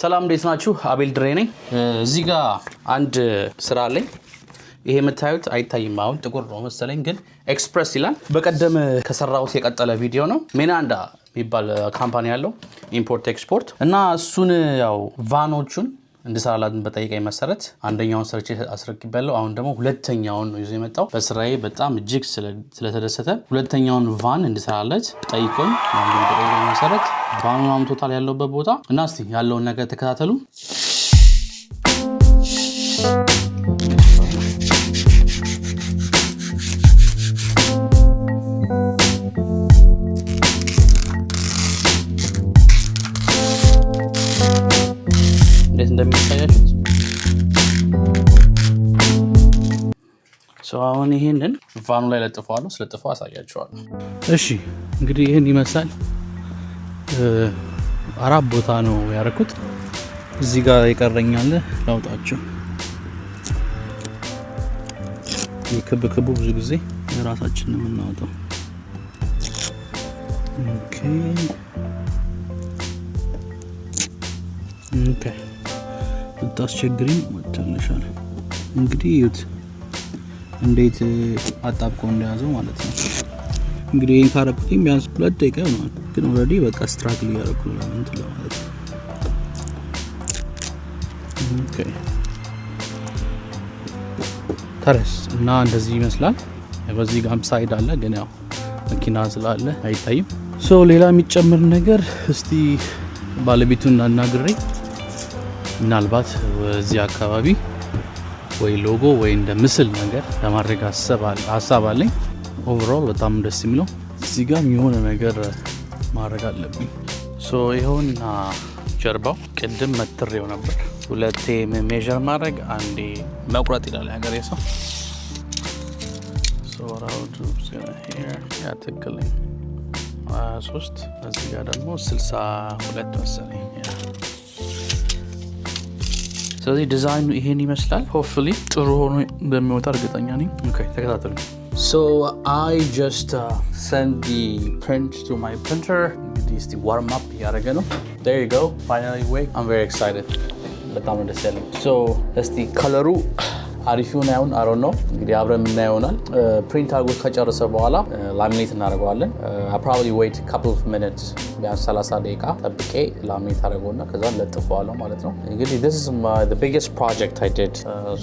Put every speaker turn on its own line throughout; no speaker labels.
ሰላም እንዴት ናችሁ? አቤል ድሬ ነኝ። እዚህ ጋር አንድ ስራ አለኝ። ይሄ የምታዩት አይታይም፣ አሁን ጥቁር ነው መሰለኝ፣ ግን ኤክስፕረስ ይላል። በቀደም ከሰራሁት የቀጠለ ቪዲዮ ነው። ሜናንዳ የሚባል ካምፓኒ ያለው ኢምፖርት ኤክስፖርት እና እሱን ያው ቫኖቹን እንድሰራላትን በጠየቀኝ መሰረት አንደኛውን ሰርቼ አስረክቤያለሁ። አሁን ደግሞ ሁለተኛውን ይዞ የመጣው። በስራዬ በጣም እጅግ ስለተደሰተ ሁለተኛውን ቫን እንድሰራለት ጠይቆኝ በጠየቀኝ መሰረት ቫኑ አምቶታል ያለውበት ቦታ እና እስኪ ያለውን ነገር ተከታተሉ። እንደሚታያችሁት አሁን ይህንን ቫኑ ላይ ለጥፈዋለሁ። ስለጥፈው አሳያችኋለሁ። እሺ እንግዲህ ይህን ይመስላል። አራት ቦታ ነው ያደረኩት። እዚህ ጋር የቀረኛለ ላውጣችሁ። ክብ ክቡ ብዙ ጊዜ የራሳችን ነው የምናወጣው። ኦኬ ኦኬ ልታስቸግሪኝ ወጥተንሻል። እንግዲህ ዩት እንዴት አጣብቆ እንደያዘው ማለት ነው። እንግዲህ ይህን ካረኩኝ ቢያንስ ሁለት ደቂቃ ይሆናል፣ ግን ኦልሬዲ በቃ ስትራግል እያደረኩ ለምንት ለማለት ነው። ተረስ እና እንደዚህ ይመስላል። በዚህ ጋም ሳይድ አለ፣ ግን ያው መኪና ስላለ አይታይም። ሶ ሌላ የሚጨምር ነገር እስቲ ባለቤቱ እናናግሬ ምናልባት እዚህ አካባቢ ወይ ሎጎ ወይ እንደ ምስል ነገር ለማድረግ ሀሳብ አለኝ። ኦቨርኦል በጣም ደስ የሚለው እዚህ ጋር የሆነ ነገር ማድረግ አለብኝ። ሶ ይኸውና ጀርባው ቅድም መትሬው ነበር። ሁለቴ ሜዥር ማድረግ አንዴ መቁረጥ ይላል ሀገር ሰው ትክክል። 23 እዚህ ጋር ደግሞ 62 መሰለኝ ስለዚህ ዲዛይኑ ይሄን ይመስላል። ሆፕፉሊ ጥሩ ሆኖ እንደሚወጣ እርግጠኛ ነኝ። ተከታተሉ። ሶ አይ ጀስት ሰንድ ዲ ፕሪንት ቱ ማይ ፕሪንተር። እንግዲህ እስቲ ዋርም አፕ እያደረገ ነው። ዴር ዩ ጎ ፋይናሊ ዌይ አም ቬሪ ኤክሳይትድ። በጣም ደስ ያለኝ። ሶ እስቲ ከለሩ አሪፍ ይሁን አይሁን አሮ ነው እንግዲህ አብረ የምና ይሆናል። ፕሪንት አድርጎት ከጨረሰ በኋላ ላሚኔት እናደርገዋለን። ፕሮባብሊ ዌይት ካፕል ኦፍ ሚኒት ቢያንስ 30 ደቂቃ ጠብቄ ላሚኔት አደርገውና ከዛ ለጥፈዋለሁ ማለት ነው። እንግዲህ ዚስ ቢግስት ፕሮጀክት አይ ዲድ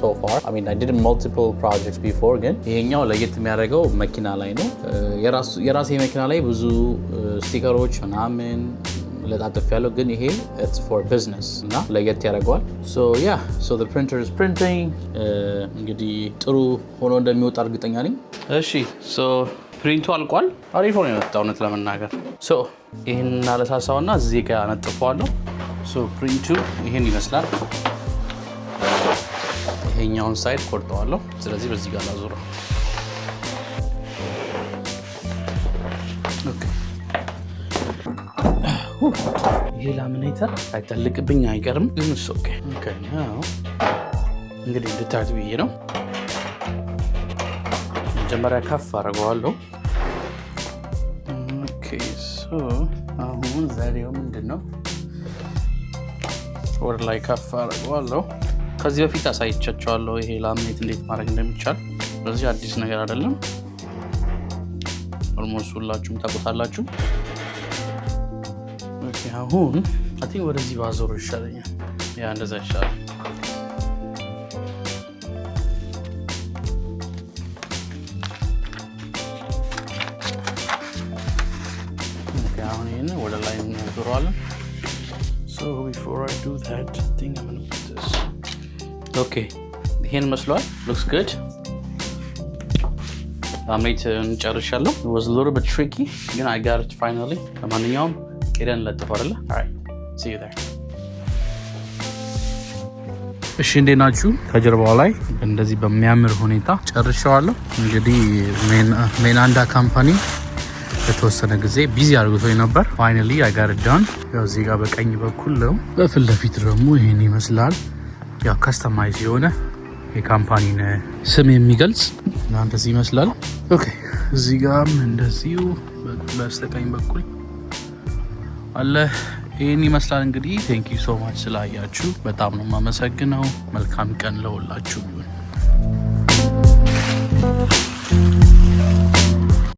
ሶ ፋር አይ ሚን አይ ዲድ ማልቲፕል ፕሮጀክትስ ቢፎር፣ ግን ይሄኛው ለየት የሚያደርገው መኪና ላይ ነው። የራሴ መኪና ላይ ብዙ ስቲከሮች ምናምን ለጣጥፍ ያለው ግን ይሄ ኢትስ ፎር ቢዝነስ እና ለየት ያደርገዋል። ሶ ያ ሶ ዘ ፕሪንተር ኢዝ ፕሪንቲንግ እንግዲህ ጥሩ ሆኖ እንደሚወጣ እርግጠኛ ነኝ። እሺ ሶ ፕሪንቱ አልቋል። አሪፍ ሆኖ የመጣ እውነት ለመናገር ሶ ይህን እዚህ ጋር አነጥፈዋለሁ። ሶ ፕሪንቱ ይህን ይመስላል። ይሄኛውን ሳይድ ቆርጠዋለሁ። ስለዚህ በዚህ ጋር ላዙረው ይሄ ላምኔተር አይጠልቅብኝ አይቀርም፣ ግን እሱ እንግዲህ እንድታዩት ብዬ ነው። መጀመሪያ ከፍ አድርገዋለሁ። አሁን ዛሬው ምንድን ነው? ወደ ላይ ከፍ አድርገዋለሁ። ከዚህ በፊት አሳይቻቸዋለሁ፣ ይሄ ላምኔት እንዴት ማድረግ እንደሚቻል። በዚህ አዲስ ነገር አይደለም። ኦልሞስት ሁላችሁም ታውቁታላችሁ። አሁን አን ወደዚህ ባዞሮ ይሻለኛል። ያ እንደዛ ይሻላል። አሁን ይህን ወደ ላይ እናዞረዋለን። ይሄን መስሏል። ሉክስ ግድ አምሌት እንጨርሻለሁ። ዋዝ ሎር ትሪኪ ግን አይ ጋት ፋይናሊ። ለማንኛውም ሄደን ለጥፎ አይደለ? እሺ እንዴት ናችሁ? ከጀርባው ላይ እንደዚህ በሚያምር ሁኔታ ጨርሸዋለሁ። እንግዲህ ሜናንዳ ካምፓኒ ለተወሰነ ጊዜ ቢዚ አድርጎቶኝ ነበር። ፋይናሊ አጋርዳን ያው እዚህ ጋር በቀኝ በኩል ነው። በፊት ለፊት ደግሞ ይህን ይመስላል። ያው ከስተማይዝ የሆነ የካምፓኒን ስም የሚገልጽ እናንተ ይመስላል። ኦኬ እዚህ እንደዚሁ በስተቀኝ በኩል አለ። ይህን ይመስላል እንግዲህ። ቴንኪ ሶ ማች ስላያችሁ በጣም ነው የማመሰግነው። መልካም ቀን ለሁላችሁ ይሁን።